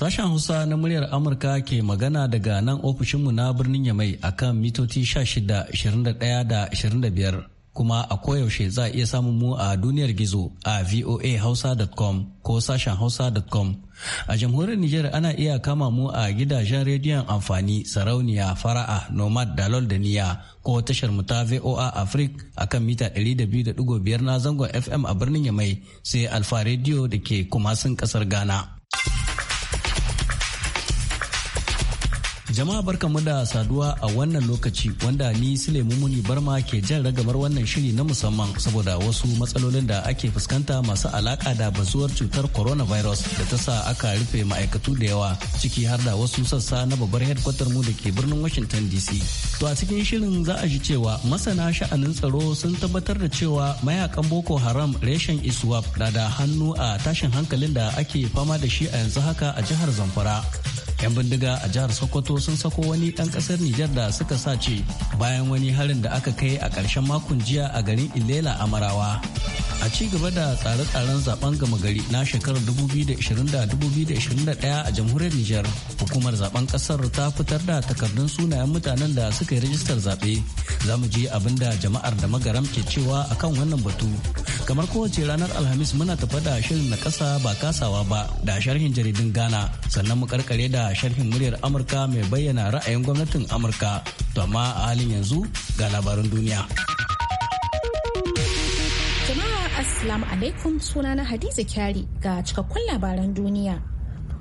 Sashen Hausa na muryar Amurka ke magana daga nan ofishinmu na birnin Yamai akan mitoci 16, 21 25 kuma a koyaushe za a iya samun mu a duniyar gizo a voahausa.com ko sashen hausa.com. A jamhuriyar Nijar ana iya kama mu a gidajen rediyon amfani sarauniya fara'a nomad dalol da niya ko tashar mu ta VOA Africa akan mita 200.5 na zangon FM a birnin Yamai sai Alfa Rediyo da ke kumasin kasar Ghana. Jama'a barkanmu da saduwa a wannan lokaci wanda ni Sulaimu Muni Barma ke jan ragamar wannan shiri na musamman saboda wasu matsalolin da ake fuskanta masu alaka da bazuwar cutar coronavirus da ta sa aka rufe ma'aikatu da yawa ciki har da wasu sassa na babbar headquarter mu da ke birnin Washington DC. To a cikin shirin za a ji cewa masana sha'anin tsaro sun tabbatar da cewa mayakan Boko Haram reshen Iswap na da hannu a tashin hankalin da ake fama da shi a yanzu haka a jihar Zamfara. 'Yan bindiga a jihar Sokoto sun sako wani ɗan ƙasar Nijar da suka sace bayan wani harin da aka kai a ƙarshen makon jiya a garin Ilela a Marawa. A ci gaba da tsare-tsaren zaben gama gari na shekarar 2020-2021 a jamhuriyar Nijar, hukumar zaben ƙasar ta fitar da takardun sunayen mutanen da suka yi rajistar zaɓe. Za mu je abin da jama'ar da magaram ke cewa akan wannan batu. Kamar kowace ranar Alhamis muna tafa da shirin na ƙasa ba kasawa ba da sharhin jaridun Ghana sannan mu karkare da sharhin muryar Amurka mai bayyana ra'ayin gwamnatin amurka to amma a halin yanzu ga labaran duniya jama'a assalamu alaikum na hadiza kyari ga cikakkun labaran duniya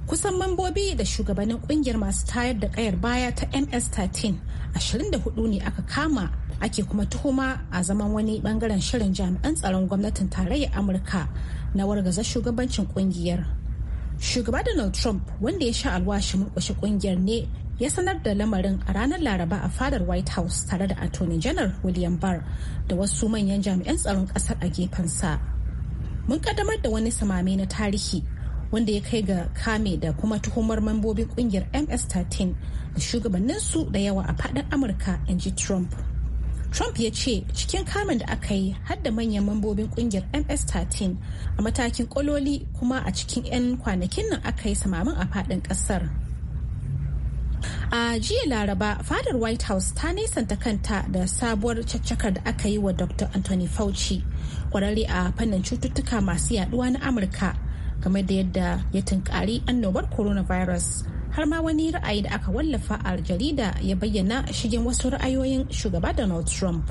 kusan mambobi da shugabannin kungiyar masu tayar da kayar baya ta ms-13 24 ne aka kama ake kuma tuhuma a zaman wani bangaren shirin jami'an tsaron gwamnatin tarayyar amurka na wargaza shugabancin kungiyar Shugaba Donald Trump wanda ya sha alwashi murƙushe kungiyar ne ya sanar da lamarin a ranar laraba a fadar white house tare da attorney general william barr da wasu manyan jami'an tsaron kasar a gefensa mun kaddamar da wani samame na tarihi wanda ya kai ga kame da kuma tuhumar mambobin kungiyar ms-13 da shugabanninsu da yawa a fadar amurka in ji trump Trump ya ce cikin kamun da aka yi har da manyan mambobin kungiyar MS-13 a matakin kololi kuma a cikin 'yan kwanakin nan aka yi samamin a faɗin ƙasar. A jiya Laraba, fadar White House ta nisanta kanta da sabuwar caccakar da aka yi wa Dr. Anthony Fauci, kwararre a fannin cututtuka masu yaduwa na Amurka, game da yadda ya tunkari annobar coronavirus. har ma wani ra'ayi da aka wallafa a jarida ya bayyana shigen wasu ra'ayoyin shugaba donald trump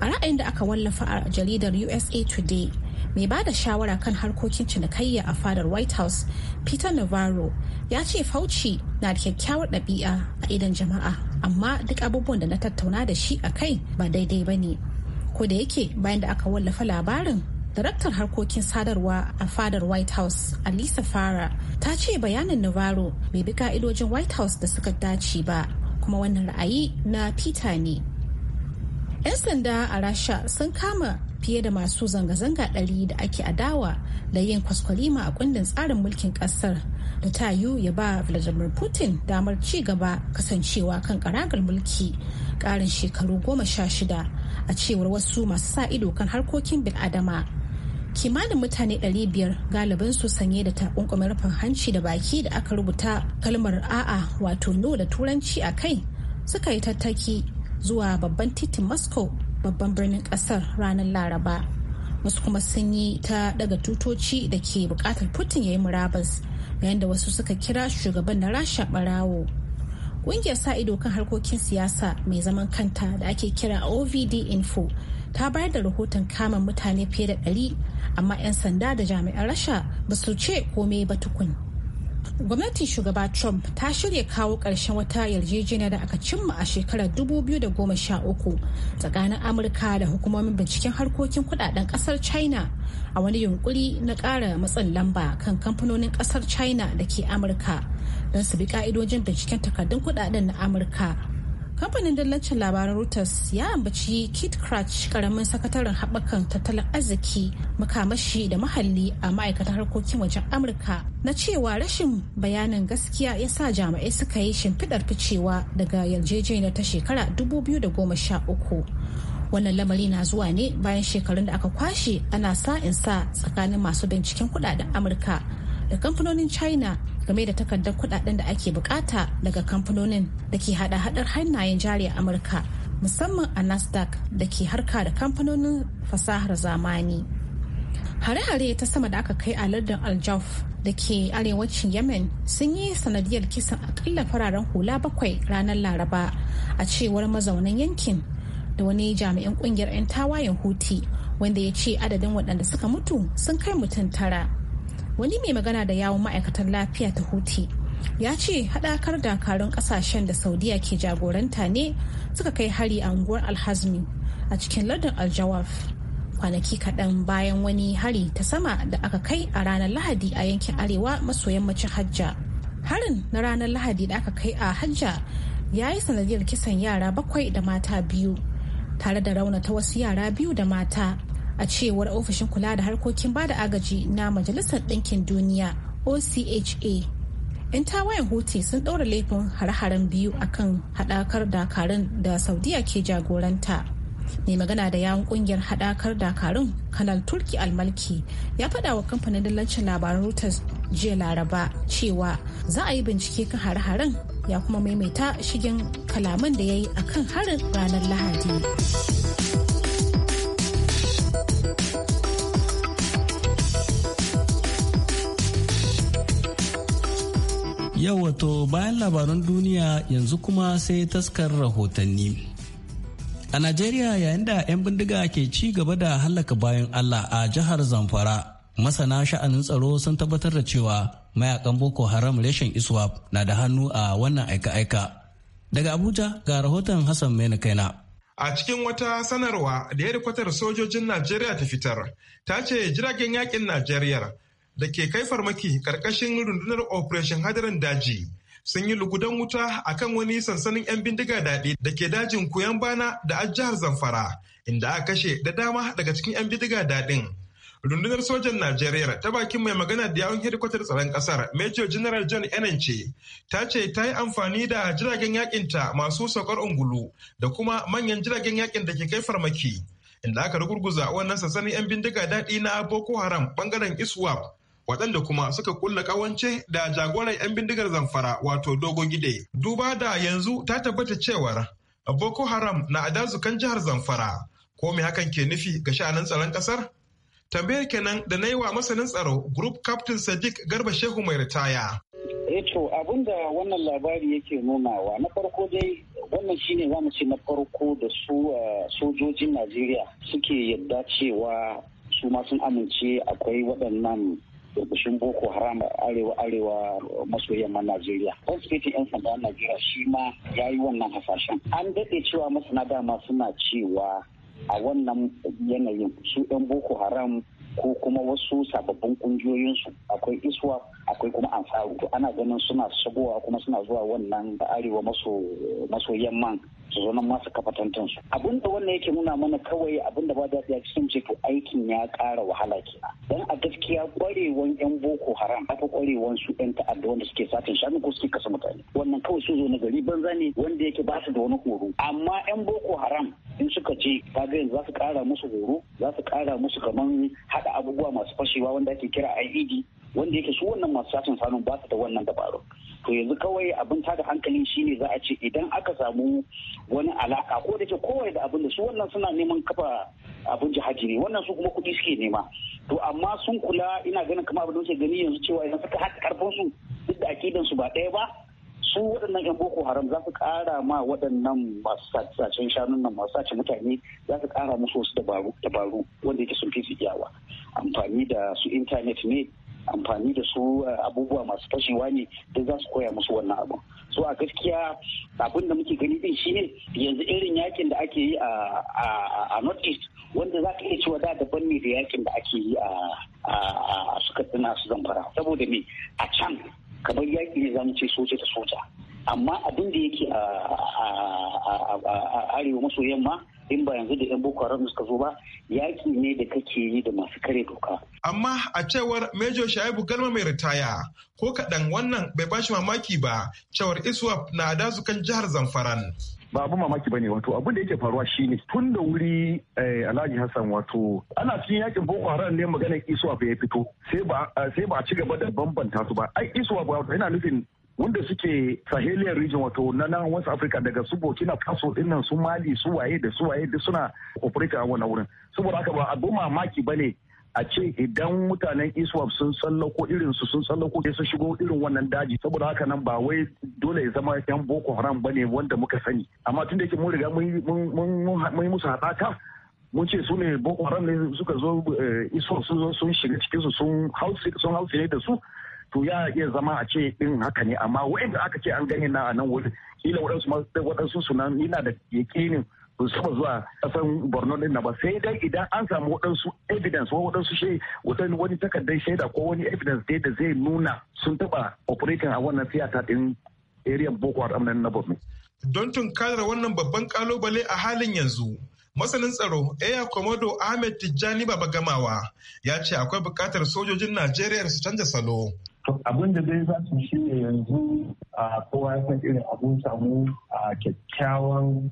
a ra'ayin da aka wallafa a jaridar usa today mai ba da shawara kan harkokin cinikayya a fadar white house peter navarro ya ce fauci na da kyakkyawar ɗabi'a a idan jama'a amma duk abubuwan da na tattauna da shi a kai ba daidai ba ne ko da yake bayan da aka wallafa labarin Daraktar harkokin sadarwa a fadar White House, Alisa Farah, ta ce bayanin Navarro bai bi ka'idojin White House da suka dace ba, kuma wannan ra'ayi na Peter ne. 'Yan sanda a Rasha sun kama fiye da masu zanga-zanga ɗari da ake adawa da yin kwaskwalima a kundin tsarin mulkin ƙasar da ta yiwu ya ba vladimir putin damar ci gaba kasancewa kan karagar mulki karin shekaru goma sha shida a cewar wasu masu sa ido kan harkokin adama. kimanin mutane 500 galibin su sanye da takunkumin rufin hanci da baki da aka rubuta kalmar a'a wato no da turanci a kai suka yi tattaki zuwa babban titin moscow babban birnin kasar ranar laraba wasu kuma sun yi ta daga tutoci da ke bukatar putin ya yi murabas yayin da wasu suka kira shugaban na rasha barawo ƙungiyar sa ido kan harkokin siyasa mai zaman kanta da ake kira ovd info ta bayar da rahoton kamun mutane fiye da ɗari amma 'yan sanda da jami'an rasha ba su ce komai ba tukun gwamnatin shugaba trump ta shirya kawo ƙarshen wata yarjejeniya da aka cimma a shekarar 2013 tsakanin amurka da hukumomin binciken harkokin kudaden kasar china a wani yunkuri na ƙara matsin lamba kan kamfanonin kasar china da ke amurka don su bi ka'idojin binciken takardun kudaden na amurka kamfanin dallacin labaran reuters ya ambaci kit crutch karamin sakataren haɓakan tattalin arziki makamashi da mahalli a ma'aikatar harkokin wajen amurka na cewa rashin bayanin gaskiya ya sa jami'ai suka yi shimfiɗar ficewa daga yarjejeniyar ta shekara 2013 wannan lamari na zuwa ne bayan shekarun da aka kwashe ana sa in sa tsakanin masu binciken kudaden amurka da kamfanonin china game da takardar kudaden da ake bukata daga kamfanonin da ke hada hadar hannayen jari a amurka musamman a nasdaq da ke harka da kamfanonin fasahar zamani hare-hare ta sama da aka kai a lardin aljaf da ke arewacin yemen sun yi sanadiyar kisan akalla fararen hula bakwai ranar laraba a cewar mazaunan yankin da wani jami'in kungiyar 'yan tawayen huti wanda ya ce adadin waɗanda suka mutu sun kai mutum tara wani mai magana da yawon ma'aikatan lafiya ta huti ya ce haɗakar dakarun ƙasashen da saudiya ke jagoranta ne suka kai hari a unguwar alhazmi a cikin lardin aljawaf kwanaki kaɗan bayan wani hari ta sama da aka kai a ranar lahadi a yankin arewa maso yammacin hajja harin na ranar lahadi da aka kai a hajja ya yi sanadiyar kisan yara bakwai da mata biyu tare da raunata wasu yara biyu da mata a cewar ofishin kula da harkokin bada agaji na majalisar ɗinkin duniya ocha yan tawayen huti sun ɗaura laifin har-haren biyu akan haɗakar dakarun da saudiya ke jagoranta mai magana da yawon kungiyar haɗakar dakarun kanal turki almalki ya faɗa wa kamfanin dillancin labaran reuters jiya laraba cewa za a yi bincike kan har haren ya kuma maimaita shigen kalaman da ya yi akan harin ranar lahadi Yau wato bayan labaran duniya yanzu kuma sai taskar rahotanni. A Najeriya yayin da 'yan bindiga ke ci gaba da hallaka bayan Allah a jihar Zamfara, masana sha'anin tsaro sun tabbatar da cewa mayakan Boko Haram reshen Iswa na da hannu a wannan aika-aika. Daga Abuja ga rahoton Hassan Maina kaina. A cikin wata sanarwa da hedikwatar sojojin Najeriya ta fitar, ta ce jiragen yakin Najeriya da ke kai farmaki karkashin rundunar operation hadarin daji sun yi lugudan wuta a kan wani sansanin 'yan bindiga daɗi da ke dajin kuyan bana da ajihar jihar zamfara inda aka kashe da dama daga cikin 'yan bindiga daɗin rundunar sojan najeriya ta bakin mai magana da yawon hedikwatar tsaron kasar major general john enanche ta ce ta yi amfani da jiragen yakinta masu saukar ungulu da kuma manyan jiragen yakin da ke kai farmaki inda aka rugurguza wannan sansanin 'yan bindiga daɗi na boko haram bangaren iswap waɗanda kuma suka kulla ƙawance da jagoran 'yan bindigar zamfara wato dogo gide. Duba da yanzu ta tabbata cewar Boko Haram na adazukan jihar Zamfara, ko me hakan ke nufi ga sha'anin tsaron ƙasar? Tambayar kenan da na yi wa masanin tsaro Group Captain Sadiq Garba Shehu mai ritaya. Eto eh abin da wannan labari yake nunawa na farko dai wannan shine za mu ce na farko da su eh, sojojin Najeriya suke yadda cewa su ma sun amince akwai waɗannan burbushin boko haram arewa arewa maso yamman najeriya kwamfitin yan sanda najeriya shi ma ya yi wannan hasashen an daɗe cewa masana dama suna cewa a wannan yanayin su yan boko haram ko kuma wasu sababbin kungiyoyinsu akwai iswa akwai kuma ansaru ana ganin suna shigowa kuma suna zuwa wannan arewa maso yamman su zo nan ma su kafa tantansu abin da wannan yake nuna mana kawai abin da ba daɗi a cikin ce to aikin ya ƙara wahala kenan dan a gaskiya kwarewan yan boko haram aka kwarewan su yan ta'adda wanda suke satin shanu ko suke kasa mutane wannan kawai su zo na gari banza ne wanda yake ba su da wani horo amma yan boko haram in suka ce kaga yanzu za su ƙara musu horo za su ƙara musu kaman haɗa abubuwa masu fashewa wanda ake kira IED wanda yake su wannan masu satin sanu ba su da wannan dabaru to yanzu kawai abin tada hankalin shine za a ce idan aka samu wani alaka ko da ke kowai da abin da su wannan suna neman kafa abin jihaji ne wannan su kuma kuɗi suke nema to amma sun kula ina ganin kamar abin da suke gani yanzu cewa idan suka haɗa karfin su duk da akidan su ba ɗaya ba su waɗannan 'yan boko haram za su ƙara ma waɗannan masu sacen shanun nan masu sace mutane za su ƙara musu wasu dabaru wanda yake sun fi su iyawa amfani da su intanet ne amfani da su eh, abubuwa masu fashewa ne da za su koya musu wannan abu so a gaskiya abin da muke gani din shine yanzu irin yakin da ake yi a north east wanda za ka iya cewa da daban ne da yakin da ake yi a suka tuna su zamfara saboda me a can kamar yaki ne za mu ce soja da soja amma abin da yake a arewa maso yamma in ba yanzu da 'yan boko haram suka zo ba yaki ne da kake yi da masu kare doka. Amma a cewar Major Shaibu Galma mai ritaya ko kaɗan wannan bai bashi mamaki ba cewar Iswap na kan jihar Zamfaran. ba abun mamaki bane wato abun da yake faruwa shine tun da wuri eh, Alhaji Hassan wato ana cikin yakin Boko Haram ne magana iswap ya fito sai ba eh, a ci gaba da bambanta su ba ai iswap ba yana nufin wanda suke Sahelian region wato na nan West Africa daga su Burkina Faso dinnan su Mali su waye da su waye duk suna operate a wannan wurin saboda haka ba a abin mamaki bane a ce idan mutanen iswap sun tsallako irin su sun tsallako sai sun shigo irin wannan daji saboda haka nan ba wai dole ya zama yan boko haram bane wanda muka sani amma tunda da yake mun riga mun mun musu hadaka mun ce su ne boko haram ne suka zo eh, iswap sun shiga cikin su sun hausa ne da su to ya iya zama a ce din haka ne amma wa'inda aka ce an gani na nan wurin kila waɗansu waɗansu sunan yana da yakinin ba saba zuwa ƙasan borno din na ba sai dai idan an samu waɗansu evidence ko waɗansu shi wani takardar shaida ko wani evidence dai da zai nuna sun taɓa operating a wannan theater din area boko haram na borno. don tunkarar wannan babban kalubale a halin yanzu masanin tsaro Air Komodo Ahmed Tijjani Babagamawa ya ce akwai bukatar sojojin Najeriya su canza salo To abin da zai za su shi ne yanzu a kowa ya san irin abun samu a kyakkyawan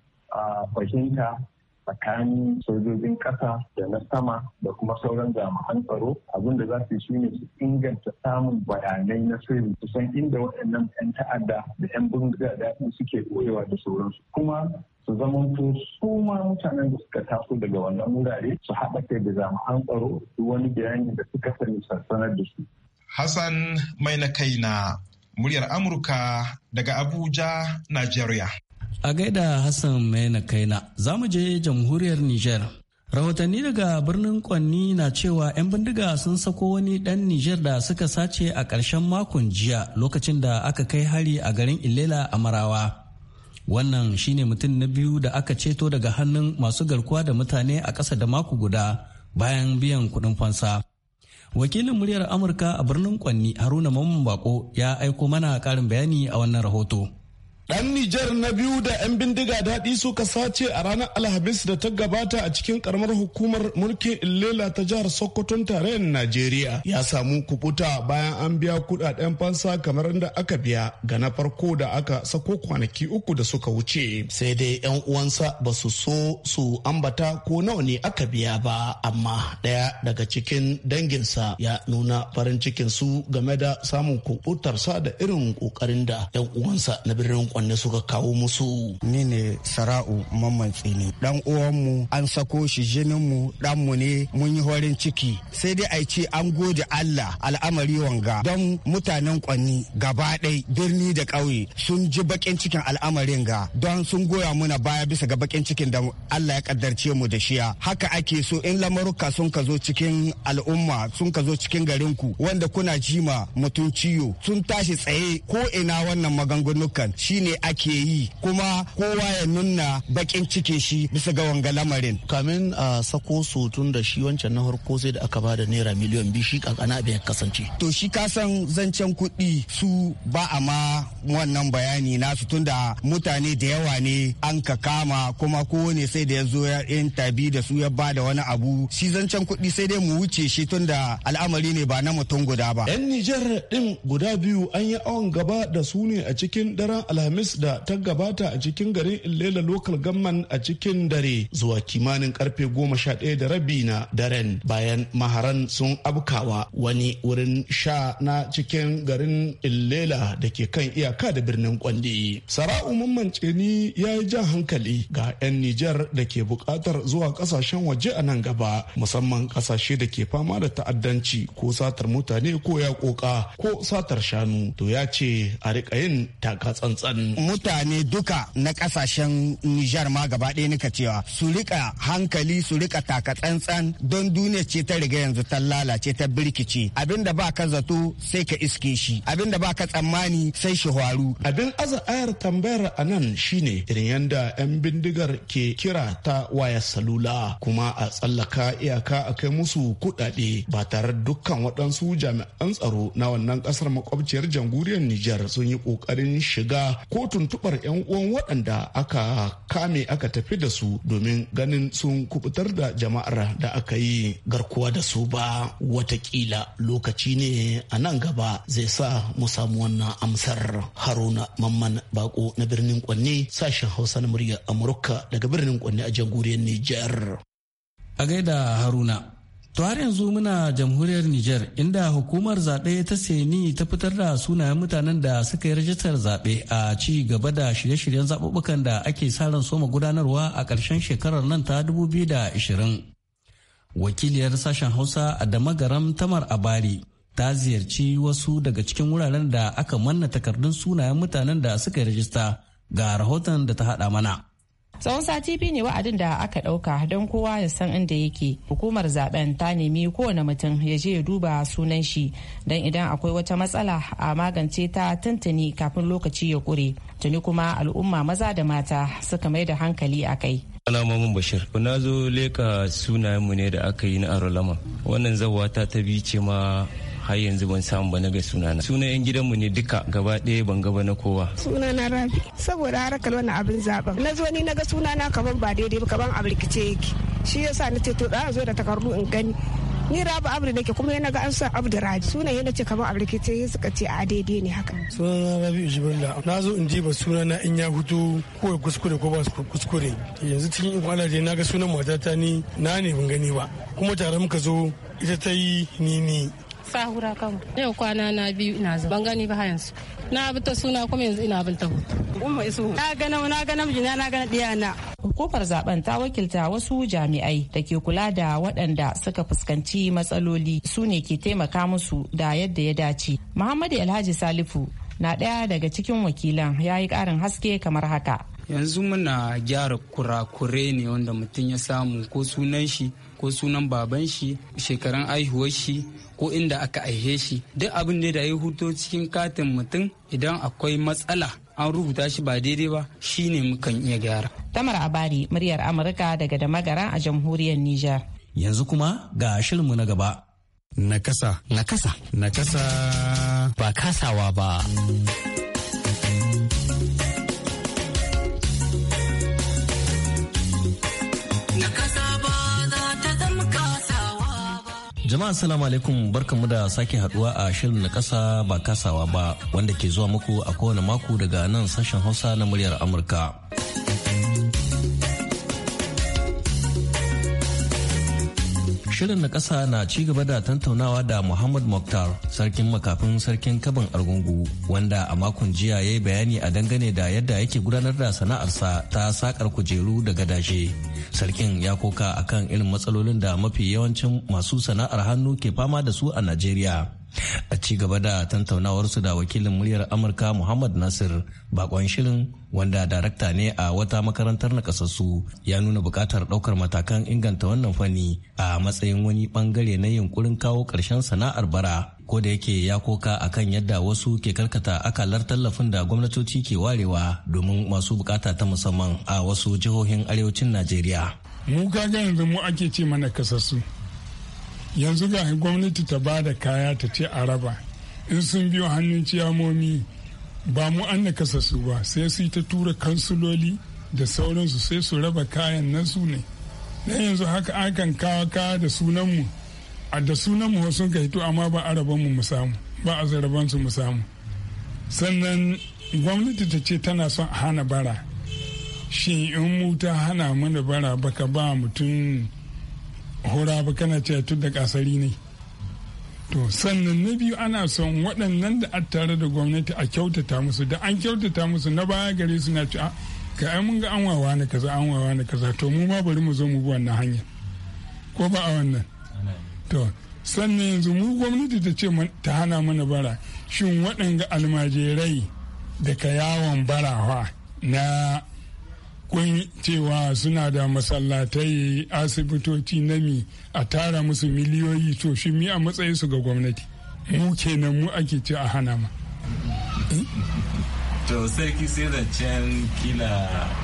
fahimta tsakanin sojojin ƙasa da na sama da kuma sauran jami'an tsaro abin da za su shi ne su inganta samun bayanai na sirri su san inda waɗannan 'yan ta'adda da 'yan bunga daɗi suke koyewa da sauransu kuma su to su ma mutanen da suka taso daga wannan wurare su haɗa kai da jami'an tsaro duk wani bayani da suka sani sansanar da su Hassan mai na kaina muryar Amurka daga Abuja, Nigeria. A gaida Hassan mai na kaina za mu je jamhuriyar Nijar. Rahotanni daga birnin Kwanni na cewa 'yan bindiga sun sako wani ɗan Nijar da suka sace a ƙarshen makon jiya lokacin da aka kai hari a garin Ilela a Marawa. Wannan shi ne mutum na biyu da aka ceto daga hannun masu garkuwa da mutane a ƙasa da mako guda bayan biyan kuɗin fansa. wakilin muryar amurka a birnin kwanni haruna mamman bako ya aiko mana karin bayani a wannan rahoto Ɗan Nijar na biyu da 'yan bindiga daɗi suka sace a ranar Alhamis da ta gabata a cikin karamar hukumar mulkin Illela ta jihar Sokoton tarayyar Najeriya ya samu kubuta bayan an biya kuɗaɗen fansa kamar da aka biya ga na farko da aka sako kwanaki uku da suka wuce. Sai dai 'yan uwansa ba su so su ambata ko nawa ne aka biya ba amma ɗaya daga cikin danginsa ya nuna farin cikin su game da samun kubutarsa da irin ƙoƙarin da 'yan uwansa na birnin sakon suka kawo musu ni ne sara'u mamman tsini dan uwanmu an sako shi jinin mu dan mu ne mun yi horin ciki sai dai ai ce an gode Allah al'amari wanga don mutanen kwanni gaba ɗai birni da ƙauye sun ji baƙin cikin al'amarin ga don sun goya muna baya bisa ga baƙin cikin da Allah ya kaddarce mu da shiya haka ake so in lamaruka sun ka zo cikin al'umma sun ka zo cikin ku wanda kuna jima mutum sun tashi tsaye ko ina wannan maganganukan shine ne ake yi kuma kowa ya nuna bakin cike shi bisa ga wanga lamarin kamin a sako su tun da shi wancan na harko sai da aka bada naira miliyan biyu shi kankana bai kasance to shi kasan zancen kuɗi su ba a ma wannan bayani nasu tun da mutane da yawa ne an ka kama kuma kowane sai da ya zo ya tabi da su ya bada wani abu shi zancen kuɗi sai dai mu wuce shi tun da al'amari ne ba na mutum guda ba yan nijar din guda biyu an yi awon gaba da su ne a cikin daren alhamis alhamis da ta gabata a cikin garin ilela local gamman a cikin dare zuwa kimanin karfe goma sha ɗaya da rabi na daren bayan maharan sun abkawa wani wurin sha na cikin garin ilela da ke kan iyaka da birnin kwande. sara'u mamman ni ya yi jan hankali ga 'yan nijar da ke buƙatar zuwa ƙasashen waje a nan gaba musamman ƙasashe da ke fama da ta'addanci ko satar mutane ko ya ƙoƙa ko satar shanu to ya ce a riƙa yin taka tsantsan mutane duka na kasashen Nijar ma gaba ɗaya nika cewa su rika hankali su rika taka tsantsan don duniya ce ta riga yanzu ta lalace ta birkice abin da ba ka zato sai ka iske shi da ba ka tsammani sai shi hwaru. Abin aza ayar tambayar a nan shine irin yanda 'yan bindigar ke kira ta waya salula kuma a tsallaka iyaka a kai musu kuɗaɗe ba tare dukkan waɗansu jami'an tsaro na wannan ƙasar makwabciyar jamhuriyar Nijar sun yi ƙoƙarin shiga ko tuntubar 'yan uwan waɗanda aka kame aka tafi da su domin ganin sun kubutar da jama'ar da aka yi garkuwa da su ba watakila lokaci ne a nan gaba zai sa mu samu wannan amsar haruna mamman bako na birnin kwanne sashen hausa na murya amurka daga birnin kwanne a jamhuriyar niger a gaida haruna To har yanzu muna jamhuriyar Nijar inda hukumar zaɓe ta Seni ta fitar da sunayen mutanen da suka yi rajistar zaɓe a ci gaba da shirye-shiryen zaɓuɓɓukan da ake sa ran soma gudanarwa a ƙarshen shekarar nan ta 2020. Wakiliyar sashen Hausa Adama Garam Tamar Abari ta ziyarci wasu daga cikin wuraren da aka manna takardun sunayen mutanen da suka yi rajista ga rahoton da ta haɗa mana. tsawon sati biyu ne wa'adin da aka ɗauka don kowa ya san inda yake hukumar zaben ta nemi kowane mutum ya je ya duba sunan shi don idan akwai wata matsala a magance ta tuntuni kafin lokaci ya ƙure tuni kuma al'umma maza da mata suka mai da hankali a kai alamomin bashir na zo leka sunayenmu ne da aka yi na arulama wannan zawa ta ta ce ma har yanzu ban samu ba na ga sunana sunayen yan gidanmu ne duka gaba ɗaya ban gaba na kowa sunana rabi saboda harakar na abin zaben na zo ni na ga sunana kaman ba daidai ba kaman a rikice yake shi yasa na ce to da zo da takardu in gani ni rabu abu nake kuma yana ga an sa abu da raji sunan yana ce a rikice yake suka ce a daidai ne haka sunana rabi jibrila na zo in jiba suna na in ya hutu ko kuskure ko ba kuskure yanzu cikin in kwana na ga sunan matata ni na ne ban gani ba kuma tare muka zo ita ta yi ni ni sahura kama yau kwana na biyu ina zuwa ban gani ba yanzu na bi ta suna kuma yanzu ina bin ta hutu isu na ga na gana namijina na ga diyana hukumar zaben ta wakilta wasu jami'ai da ke kula da waɗanda suka fuskanci matsaloli su ne ke taimaka musu da yadda ya dace muhammadu alhaji salifu na ɗaya daga cikin wakilan ya yi ƙarin haske kamar haka yanzu muna gyara kurakure ne wanda mutum ya samu ko sunan shi ko sunan baban shi shekaran aihuwar shi ko inda aka aihe shi duk abin da ya huto cikin katin mutum idan akwai matsala an rubuta shi ba daidai ba shine mukan iya gyara tamar abari muryar amurka daga damagara a jamhuriyar niger yanzu kuma ga shirinmu na gaba nakasa nakasa nakasa ba kasawa ba Jama'a salamu alaikum barkanmu da sake haduwa a shirin na kasa ba kasawa ba wanda ke zuwa muku a kowane mako daga nan sashen Hausa na muryar Amurka. Shirin na ƙasa na ci gaba da tantaunawa da Muhammad Mokhtar, sarkin makafin sarkin kabin argungu, wanda a makon jiya ya yi bayani a dangane da yadda yake gudanar da sana'arsa ta sakar kujeru da gadashe. Sarkin ya koka akan irin matsalolin da mafi yawancin masu sana'ar hannu ke fama da su a Najeriya. a ci gaba da tantaunawarsu da wakilin muryar amurka muhammad nasir bakon shirin wanda darakta ne a wata makarantar nakasassu ya nuna bukatar daukar matakan inganta wannan fanni a matsayin wani bangare na yunkurin kawo karshen sana'ar bara ko da yake ya koka kan yadda wasu ke karkata akalar tallafin da gwamnatoci ke warewa domin masu bukata ta musamman a wasu jihohin arewacin najeriya mu ga yanzu mu ake ce mana kasassu yanzu ga gwamnati ta ba da kaya ta ce a raba in sun biyo hannun ciyamomi ba mu an na kasa su ba sai su ta tura kansuloli da sauransu sai su raba kayan na su ne na yanzu haka akan kawo kaya da sunanmu a da sunanmu sun ka hito amma ba a rabanmu mu samu ba a zarabansu mu samu sannan gwamnati ta ce tana son hana bara shi in mu ta hana mana bara baka ba mutum hura ba kana cewa tun da kasari ne to sannan na biyu ana son waɗannan da a tare da gwamnati a kyautata musu da an kyautata musu na baya gare su na cewa ka ai mun ga an wawa na kaza an wawa na kaza to mu ma bari mu zo mu bi wannan hanya ko ba a wannan to sannan yanzu mu gwamnati ta ce ta hana mana bara shin waɗanga almajirai da ka yawon barawa na kun cewa suna da masallatai asibitoci nami a tara musu miliyoyi to shi mi a matsayinsu ga gwamnati mu kenan mu ake ce a hana ma to sai ki sai da can kila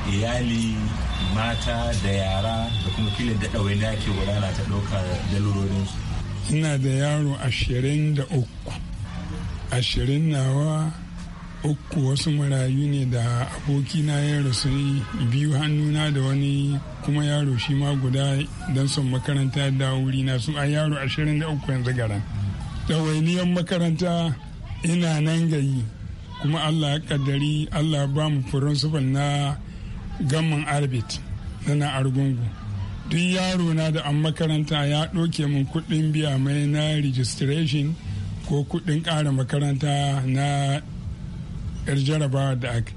iyali mata da yara da kuma kila da dawai da ke gudana ta ɗauka lalurorinsu ina da yaro ashirin da uku ashirin nawa uku wasu marayu ne da abokina ya rasu biyu hannuna da wani kuma yaro shi ma guda don son makaranta da wuri na su a yaro ashirin da uku yanzu garan ɗawainiyar makaranta ina nan gayi kuma allah ya kaddari allah ba mu principal na gamman arbit na argungu duk yaro na da an makaranta ya ɗoke min kuɗin biya mai na registration ko kuɗin ƙara makaranta na yar jarabawa da ake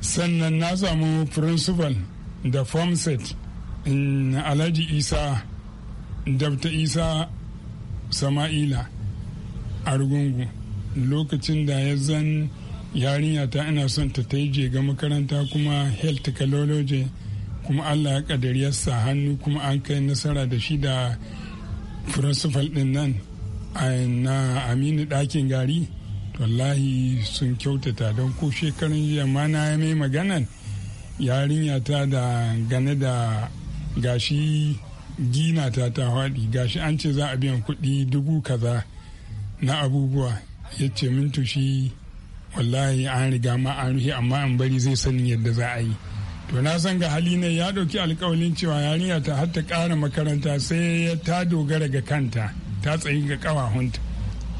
sannan na samu principal da form set alhaji isa dabta isa sama'ila a rugungu lokacin da ya zan yarinya ta ina son ta ta je ga makaranta kuma health technology kuma allah ya kadari hannu kuma an kai nasara da shi da principal din nan na aminu ɗakin gari wallahi sun kyautata don ko shekarun jiya ma na ya mai maganan yarinya ta da gane da gashi gina ta ta haɗi gashi an ce za a biyan kuɗi dubu kaza na abubuwa ya ce min tushi wallahi an riga ma an rufe amma an bari zai sani yadda za a yi to na san ga hali ne ya ɗauki alkawalin cewa yarinya ta har ta ƙara makaranta sai ta dogara ga kanta ta tsayi ga ƙawahunta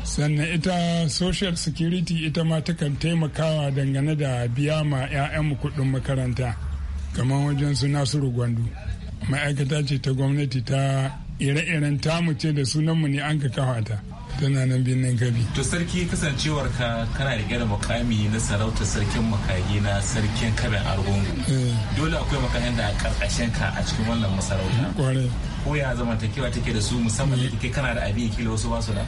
sannan ita social security ita ma takan taimakawa dangane da biya ma 'ya'yanmu kuɗin makaranta kamar wajen su nasiru gwandu ma'aikata ce ta gwamnati ta ire-iren tamu ce da sunanmu ne an ka tana nan birnin kabi to sarki kasancewar ka kana da da makami na sarauta sarkin Makagi na sarkin kabin argungu eh. dole akwai makamin da a karkashin ka a cikin wannan masarauta kwarai ko ya zamantakewa take da su musamman da eh. kike kana da abin kila wasu ba su da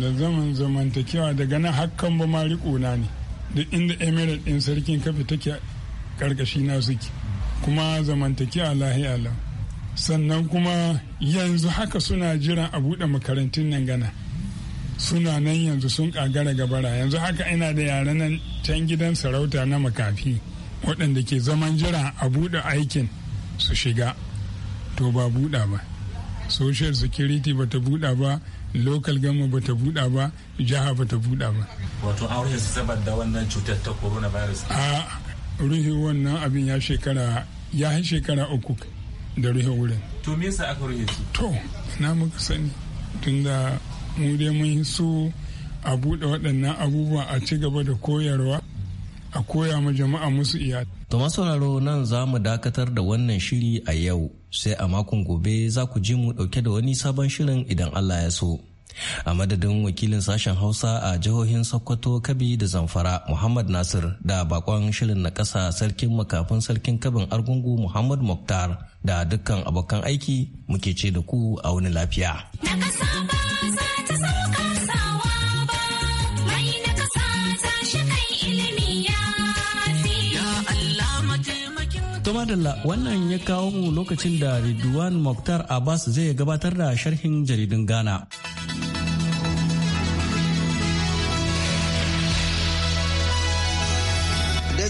da zaman zamantakewa daga nan hakan ba ma riko na ne duk inda emirate ɗin sarkin kabi take karkashi na suke kuma zamantakewa lahiya lau sannan kuma yanzu haka suna jiran a buɗe makarantun nan gana suna nan yanzu sun kagara gabara yanzu haka ina da yare nan can gidan sarauta na makafi waɗanda ke zaman jira a buɗe aikin su shiga to ba buɗa ba social security ba ta buɗa ba local gama ba ta buɗa ba jiha ba ta buɗa ba wato an rufe saboda wannan cutar ta coronavirus a rufe wannan abin ya shekara ya yi shekara uku da rufe wurin to me yasa aka rufe to na muka sani tunda mu dai mun so a buɗe waɗannan abubuwa a ci gaba da koyarwa a koya ma jama'a musu iya. To sauraro nan za mu dakatar da wannan shiri a yau sai a makon gobe za ku ji mu ɗauke da wani sabon shirin idan Allah ya so. A madadin wakilin sashen Hausa a jihohin Sokoto, Kabi da Zamfara, Muhammad Nasir da bakon shirin na ƙasa sarkin makafin sarkin kabin argungu Muhammad Mokhtar da dukkan abokan aiki muke ce da ku a wani lafiya. Na madalla wannan ya kawo mu lokacin da Ridwan Mokhtar Abbas zai gabatar da sharhin jaridun Ghana.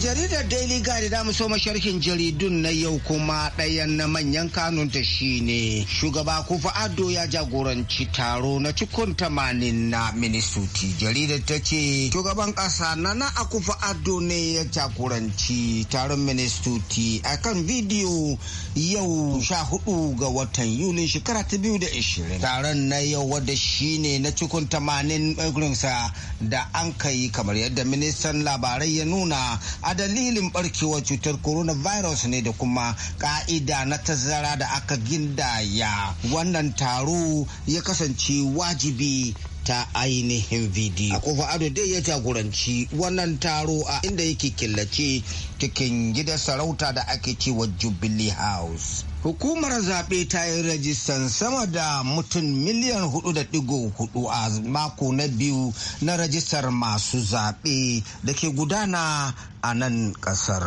jaridar Daily Guide da mu so sharhin jaridun na yau kuma ɗayan na manyan ta shine shugaba Kufa Ado ya jagoranci taro na cikon tamanin na Minisuti. Jaridar ta ce shugaban ƙasa na Akufa Ado ne ya jagoranci taron Minisuti kan bidiyo yau sha hudu ga watan yuli shekara ta biyu da ishirin. Taron na yau wadda shine na cikon tamanin ɓangarensa eh, da an kai kamar yadda ministan labarai ya nuna a dalilin barkewar cutar coronavirus ne da kuma ka'ida na tazara da aka gindaya wannan taro ya kasance wajibi ta ainihin video A kofa ado dai ya jagoranci wannan taro a inda yake killace cikin gidan sarauta da ake cewa Jubilee House. Hukumar zaɓe ta yi rajistan sama da mutum miliyan hudu da digo hudu a mako na biyu na rajistar masu zaɓe da ke gudana a nan kasar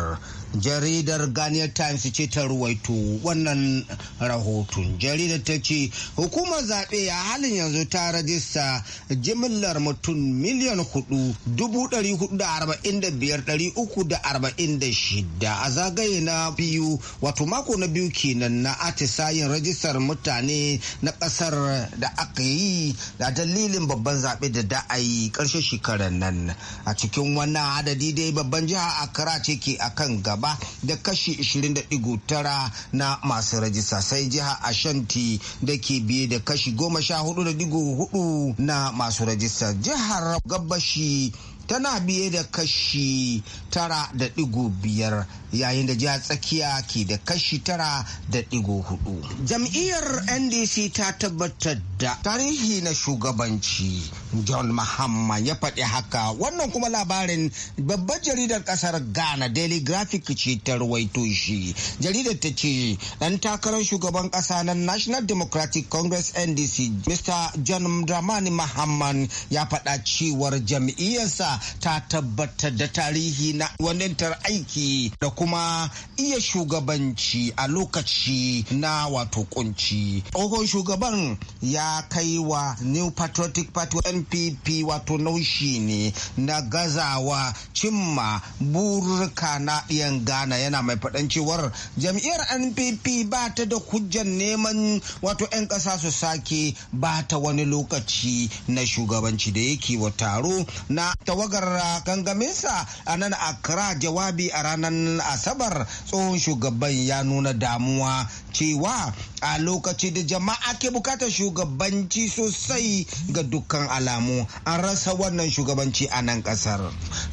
jaridar ghanaian times ce ta ruwaito wannan rahoton jaridar ta ce hukumar zaɓe a halin yanzu ta rajista jimillar mutum miliyan hudu dubu ɗari hudu da arba'in da biyar ɗari uku da arba'in da shida a zagaye na biyu wato mako na biyu kenan na atisayin rajistar mutane na ƙasar da aka yi da dalilin babban zaɓe da da'ayi a yi ƙarshen shekarar nan a cikin wannan adadi dai babban jiha kuma Accra ce a kan gaba da kashi 20.9 na masu rajista sai jiha Ashanti da ke biye da kashi 14.4 na masu rajista jihar Gabashi tana biye da kashi 9.5 yayin da jihar tsakiya ke da kashi tara da ɗigo hudu jam'iyyar ndc ta tabbatar da tarihi na shugabanci john mahamma ya faɗi haka wannan kuma labarin babbar jaridar ƙasar ghana daily graphic ce ta rawaito shi jaridar ta ce ɗan takarar shugaban ƙasa na national democratic congress ndc mr john dramani mahamman ya faɗa cewar jam'iyyarsa ta tabbatar da tarihi na wani aiki da kuma kuma iya shugabanci a lokaci na wato kunci tsohon shugaban ya kai wa new patriotic party npp wato naushi ne na gazawa cimma burka na ɗiyan gana yana mai faɗan cewar jam'iyyar npp ba ta da hujjan neman wato 'yan ƙasa su sake ba ta wani lokaci na shugabanci da yake wa taro na tawagar gangaminsa a nan accra jawabi a ranar asabar tsohon shugaban ya nuna damuwa cewa a lokaci da jama'a ke bukatar shugabanci sosai ga dukkan alamu an rasa wannan shugabanci a nan kasar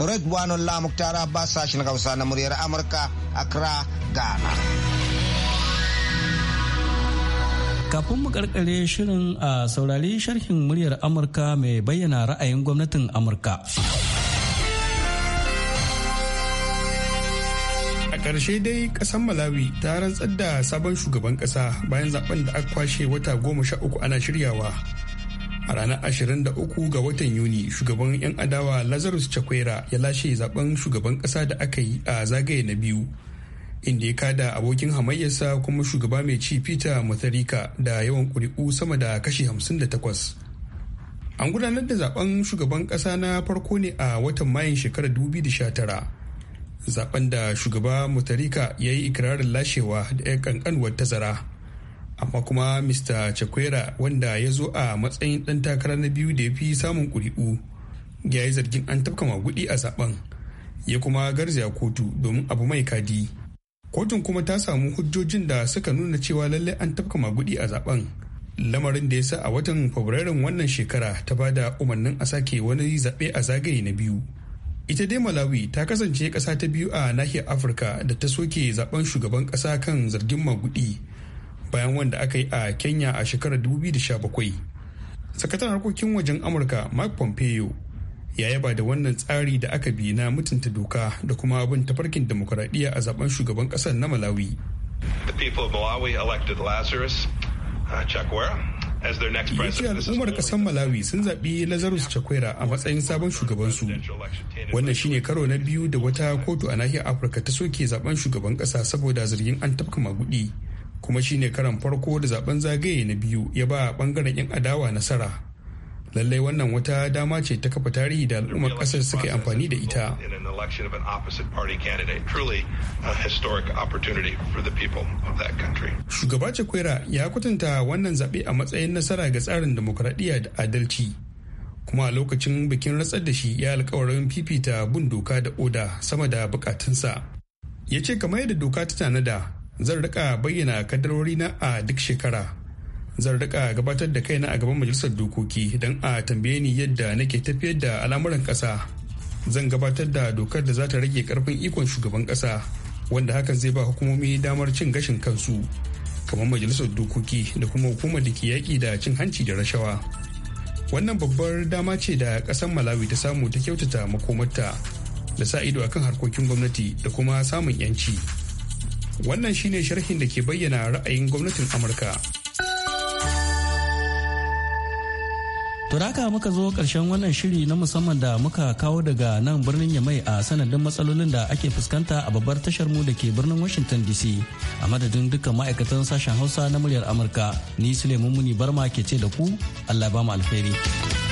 redwanul lamuktar ba sashen hausa na muryar amurka accra ghana kafin mu karkare shirin a saurari sharhin muryar amurka mai bayyana ra'ayin gwamnatin amurka. karshe dai ƙasar malawi ta rantsar da sabon shugaban kasa bayan zaben da aka kwashe wata goma sha uku ana shiryawa a ranar 23 ga watan yuni shugaban 'yan adawa lazarus chakwera ya lashe zaben shugaban kasa da aka yi a zagaye na biyu inda ya kada abokin hamayyarsa kuma shugaba mai ci peter mutharika da yawan kuri'u sama da kashi 58 an gudanar da zaben shugaban kasa na farko ne a watan mayin shekarar 2019 zaben da shugaba mutarika ya yi ikirarin lashewa da 'yan kankanuwar tazara amma kuma mr chakwera wanda ya zo a matsayin dan takara na biyu da ya fi samun kuri'u ya yi zargin an tafka magudi a zaben ya kuma garzaya kotu domin abu mai kadi kotun kuma ta samu hujjojin da suka nuna cewa lallai an tafka magudi a zaben lamarin da ya sa a watan fabrairun wannan shekara ta bada umarnin a sake wani zaɓe a zagaye na biyu ita dai malawi ta kasance ƙasa ta biyu a nahiyar afirka da ta soke zaben shugaban ƙasa kan zargin magudi bayan wanda aka yi a kenya a shekarar 2017 sakataren harkokin wajen amurka mark pompeo ya yaba da wannan tsari da aka bi na mutunta doka da kuma abin tafarkin demokuraɗiyya a zaben shugaban ƙasa na malawi The people of Malawi elected Lazarus uh, Yake al'ummar ƙasar Malawi sun zaɓi Lazarus Chakwera a matsayin sabon shugabansu. Wannan shine karo na biyu da wata kotu a nahiyar Afirka ta soke zaben shugaban ƙasa saboda zargin an tafka magudi. Kuma shine karan farko da zaben zagaye na biyu ya ba bangaren 'yan adawa nasara. lallai wannan wata dama ce ta kafa tarihi da al'ummar kasar suka yi amfani da ita shugaba chakwera ya kwatanta wannan zaɓe a matsayin nasara ga tsarin demokradiyya da adalci kuma a lokacin bikin ratsar da shi ya alkawarin fifita bin doka da oda sama da bukatunsa ya ce kamar yadda doka ta tanada zan rika bayyana kadarori na a duk shekara zan rika gabatar da kaina a gaban majalisar dokoki don a tambaye ni yadda nake tafiyar da al'amuran kasa zan gabatar da dokar da za ta rage karfin ikon shugaban kasa wanda hakan zai ba hukumomi damar cin gashin kansu kamar majalisar dokoki da kuma hukumar da ke yaƙi da cin hanci da rashawa wannan babbar dama ce da ƙasar malawi ta samu ta kyautata makomarta da sa ido akan harkokin gwamnati da kuma samun 'yanci wannan shine sharhin da ke bayyana ra'ayin gwamnatin amurka haka muka zo karshen wannan shiri na musamman da muka kawo daga nan birnin Yamai a sanadin matsalolin da ake fuskanta a babbar tashar mu da ke birnin Washington DC. A madadin dukkan ma'aikatan sashen Hausa na muryar Amurka, ni Suleiman Muni Barma ke ce da ku, Allah ba mu alheri.